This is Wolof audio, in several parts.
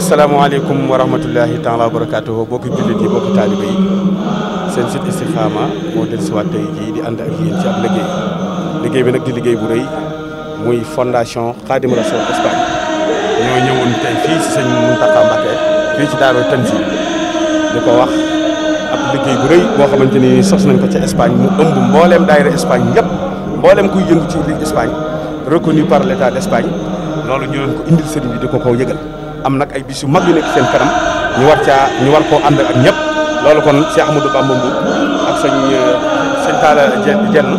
asalaamaaleykum wa rahmatullahi taala wa barakaatuhu bokki jullit yi bokki taalibe yi seen site Istikhama moo del siwaat tey jii di ànd ak yéen ci ab liggéey bi nag di liggéey bu rëy muy fondation Xaadim Rasoul Espagne ñoo ñëwoon tey fii si sëñ fii ci Daaru Tanzil di ko wax ab liggéey bu rëy boo xamante ni sos nañ ko ca Espagne mu ëmb mbooleem daayira Espagne yëpp mbooleem kuy yëngu ci Espagne reconnu par l' état d' loolu am nag ay bis yu mag yu nekk seen kanam ñu war caa ñu war koo ànd ak ñëpp loolu kon Cheikh Amadou Bamba Mbuub ak sëñ euh, sëñ Talla Jenn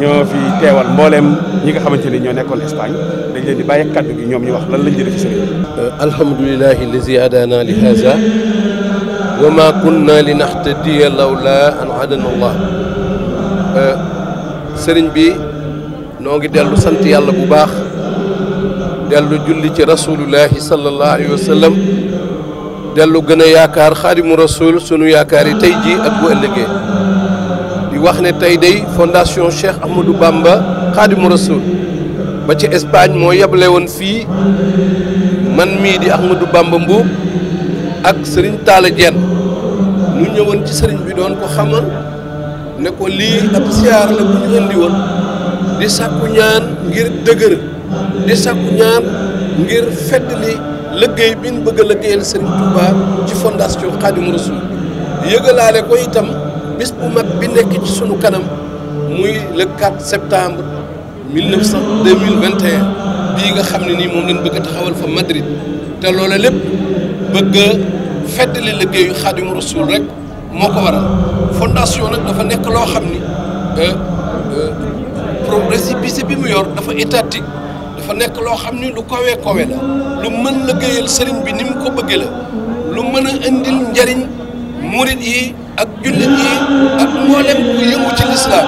ñoo fi teewal mbooleem ñi nga xamante ni ñoo nekkoon Espagne dañ leen bàyyi kàddu gi ñoom ñu wax lan lañ jëlee ci sëriñ euh, alhamdulilahi allazi hadana li haza wa ma kunna li nahtadiya lawla an hadana allah euh, sëriñ bi noo ngi dellu sant yàlla bu baax dellu julli ci rasulullahi sallallahu alayhi wa dellu gën a yaakaar xaadimu rasul sunu yaakaar yi tey jii ak bu ëllëgee di wax ne tey day fondation Cheikh Ahmadou Bamba xaadimu rasul ba ci Espagne moo yeble woon fii man mii di Ahmadou Bamba Mbuub ak sëriñ Talla Diène mu ñëwoon ci sëriñ bi doon ko xamal ne ko lii ab siyaar la bu ñu indi woon di sàkku ñaan ngir dëgër di sakku ñaan ngir feddali liggéey bi ñu bëgg a liggéeyal Serigne Touba ci fondation Khadim Rasoul yëgalaale ko itam bis bu mag bi nekk ci sunu kanam muy le 4 septembre bii nga xam ne nii moom lañ bëgg a taxawal fa Madrid te loola lépp bëgg a feddali liggéeyu Khadim Rasoul rek moo ko waral fondation nag dafa nekk loo xam ni euh, euh, récépissé bi mu yor dafa étatique. dafa nekk loo xam ni lu kawee kawe la lu mën liggéeyal sëriñ bi ni mu ko bëggee la lu mën a indil njariñ murit yi ak jullit yi ak mboolem ku yëngu ci lislaam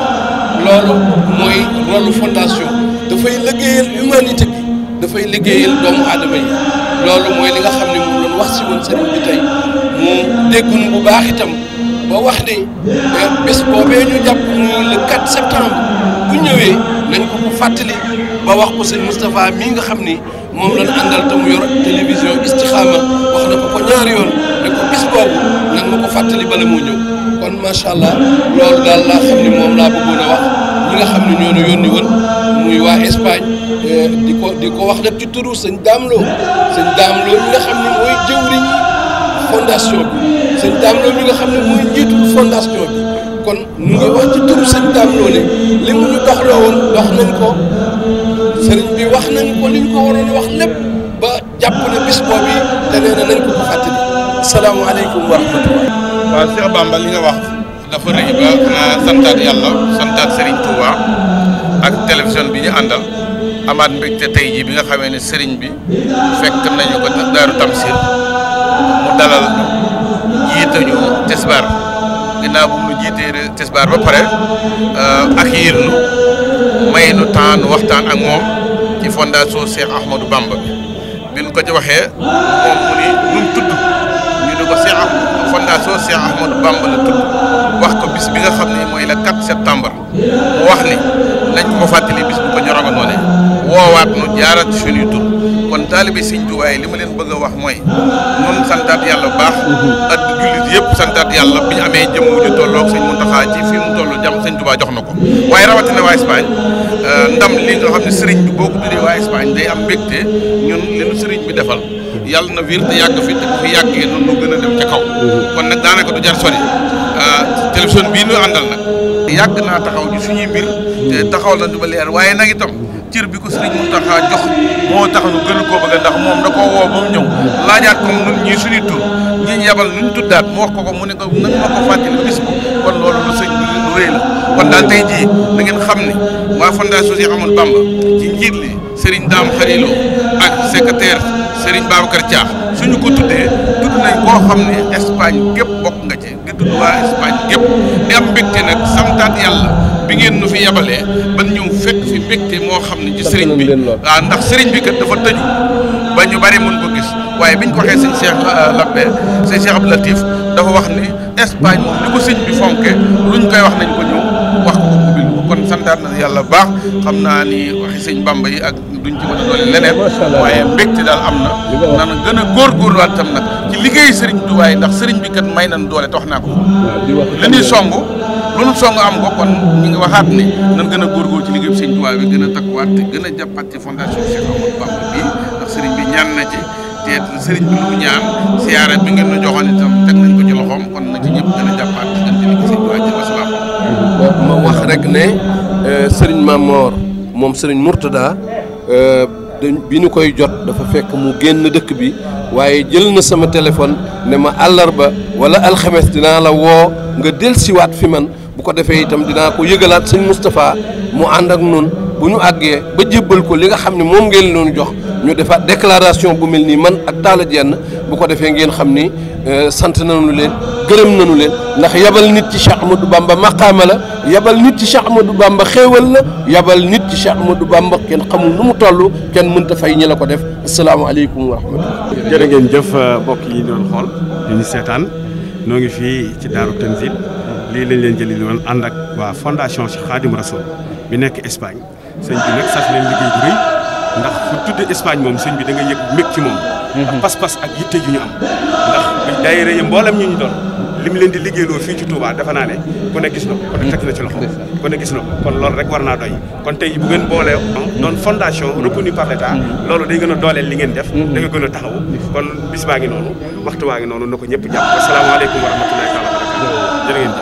loolu mooy rôle fondation dafay liggéeyal humanité bi dafay liggéeyal doomu aadama yi loolu mooy li nga xam ne moom lañ wax si woon sëriñ bi tey mu déggun bu baax itam ba wax ne eh, bés boobee ñu jàpp muy le 4 septembre bu ñëwee nañ ko fàttali ba wax ko sëñ Moustapha mii nga xam ni moom lañ àndal te mu yor télévision Istikhama wax na ko ko ñaari yoon ne ko bis boobu nag ma ko fàttali bala moo ñëw kon macha allah loolu daal laa xam ni moom laa bëggoon a wax ñi nga xam ne ñoo ñu yónni muy waa Espagne euh, di ko di ko wax nag ci turu sëñ Daamlo sëñ Daamlo nga xam ne mooy jëwriñ fondation bi sëñ Daamlo ñi nga xam ne mooy njiitu fondation bi. kon ñu ngi wax ci turu sëñ Daam Doole li mu ñu doxloo woon dox nañ ko sëriñ bi wax nañ ko li ko waroon wax lépp ba jàpp ne bis boobu da nee na nañ ko ko fàttali salaamaaleykum wa rahmatulah. waaw Cheikh Bamba li nga wax dafa rëy ba naa ah, santaat yàlla santaat Serigne Touba ak télévision bi ñu àndal amaat mbégte tey jii bi nga xamee ne Serigne bi fekk nañu ko Daaru Tamsir mu dalal jiite ñu Tisbar. ginnaaw bu mu jiitee tisbaar ba pare euh, ak yiir nu may nu taan waxtaan ak moom ci fondation Cheikh Ahmadou bi bi ko ci waxee moom mu ni nu mu tudd ñu ne ko Cheikh fondation la tudd wax ko bis bi nga xam ne mooy le 4 wax ni nañ ko fàttali bis bu ko ñorama noone woowaat nu jaarat suñuy tur taalibe sëñ Tuubaa yi li ma leen bëgg a wax mooy noonu santaat yàlla bu baax ak jullit yëpp santaat yàlla bi ñu amee jëmm ju tolloog sëñ Muntaxaa ci fi mu toll jàmm sëñ jox na ko waaye rawatina waa Espagne euh, ndam li nga xam ne sëriñ bi boo ko tuddee waa Espagne day am mbégte ñun nu sëriñ bi defal yàlla na wiir te yàgg fi te fi noonu nu a dem ca kaw mm-hmm. kon nag daanaka du jar sori euh, télévision bii nu àndal nag yàgg naa taxaw ci suñuy mbir te taxawal na du ba leer waaye nag itam cër bi ko sëriñ Mountakha jox moo tax nu gën koo bëgg ndax moom da koo ba mu ñëw laajaat ko nun ñii suñuy tur ñi yabal nu ñu tuddaat mu wax ko ko mu ne ko nag ma ko fàttali bis ko kon loolu lu sëñ lu rëy la kon daal tey jii na ngeen xam ne waa fondation Cheikh Ahmadou Bamba ci njiit li sëriñ Dame Xarilo ak secrétaire sëriñ Babacar Thiakh suñu ko tuddee tudd nañ koo xam ne Espagne waa Espagne gépp di am mbégte nag santaat yàlla bi ngeen nu fi yebalee ban ñëw fekk fi mbégte moo xam ne ci sëriñ bi waaw ndax sëriñ bi kat dafa tëju ba ñu bari mun ko gis waaye biñ ko waxee sëñ Cheikh euh, Lappé sëñ Cheikh Abdou Latif dafa wax ni Espagne moom ni ko sëñ bi fonke luñ koy wax nañ ko ñëw wax ko kon santaat na yàlla baax xam naa ni waxi sëñ Bamba yi ak duñ ci mën a doole leneen waaye mbégte daal am na nan gën a góorgóorluwaat tam nag ci liggéey sëriñ Tuubaa yi ndax sëriñ bi kat may nañ doole te naa ko li ñuy song lu nu song am ko kon ñu ngi waxaat ne nan gën a góorgóor ci liggéey sëriñ Tuubaa bi gën a takkuwaat te a jàppaat ci fondation Cheikh Amadou Bamba bi ndax sëriñ bi ñaan na ci te sëriñ bi lu mu ñaan siyaara bi ngeen nu joxoon itam teg nañ ko ci loxoom kon na ci ñëpp gën a jàppaat gën ci liggéey sëriñ Tuubaa rek ne euh, Serigne Mamor moom Serigne Mourtada euh, bi nu koy jot dafa fekk mu génn dëkk bi waaye jël na sama téléphone ne ma àllarba wala alxames dinaa la woo nga dellusiwaat fi man bu ko defee itam dinaa ko yëgalaat sëñ Moustapha mu ànd ak noonu bu ñu àggee ba jébbal ko li nga xam ne moom ngeen doon jox ñu defaat déclaration bu mel nii man ak Talla Diène bu ko defee ngeen xam ni euh, sant nañu leen gërëm nañu leen ndax yabal nit ci Cheikh Amadou Bamba maqaama la yabal nit ci Cheikh Amadou Bamba xéewal la yabal nit ci Cheikh Amadou Bamba kenn xamul nu mu toll kenn mënta fay ñi la ko def asalaamaaleykum wa rahmatullah. jërë ngeen jëf euh, mbokk yi doon xool ñu seetaan noo ngi fii ci Daaru Tanzil lii lañ leen jëli woon ànd ak waa fondation Khadim Rassoul bi nekk Espagne ndax bu tudd Espagne moom sëñ bi da nga yëg mbég ci moom. Mhm. ak pas-pas ak yitte ju ñu am. ndax daayira yi mboolem ñu ñu doon lim leen di liggéey liggéeyloo fii ci Touba dafa naa ne ku ne gis na ko. ku ne teg na gis na ko kon loolu rek war naa doy. kon tey bu ngeen boolee ah, doon fondation reconnue par l'État. Mhm. loolu day gën a dooleel li ngeen def. Mhm. da nga gën a taxawu. kon bis baa ngi noonu waxtu waa ngi noonu na ko ñëpp jàpp. asalaamaaleykum wa rahmatullahi taala wa barakatuh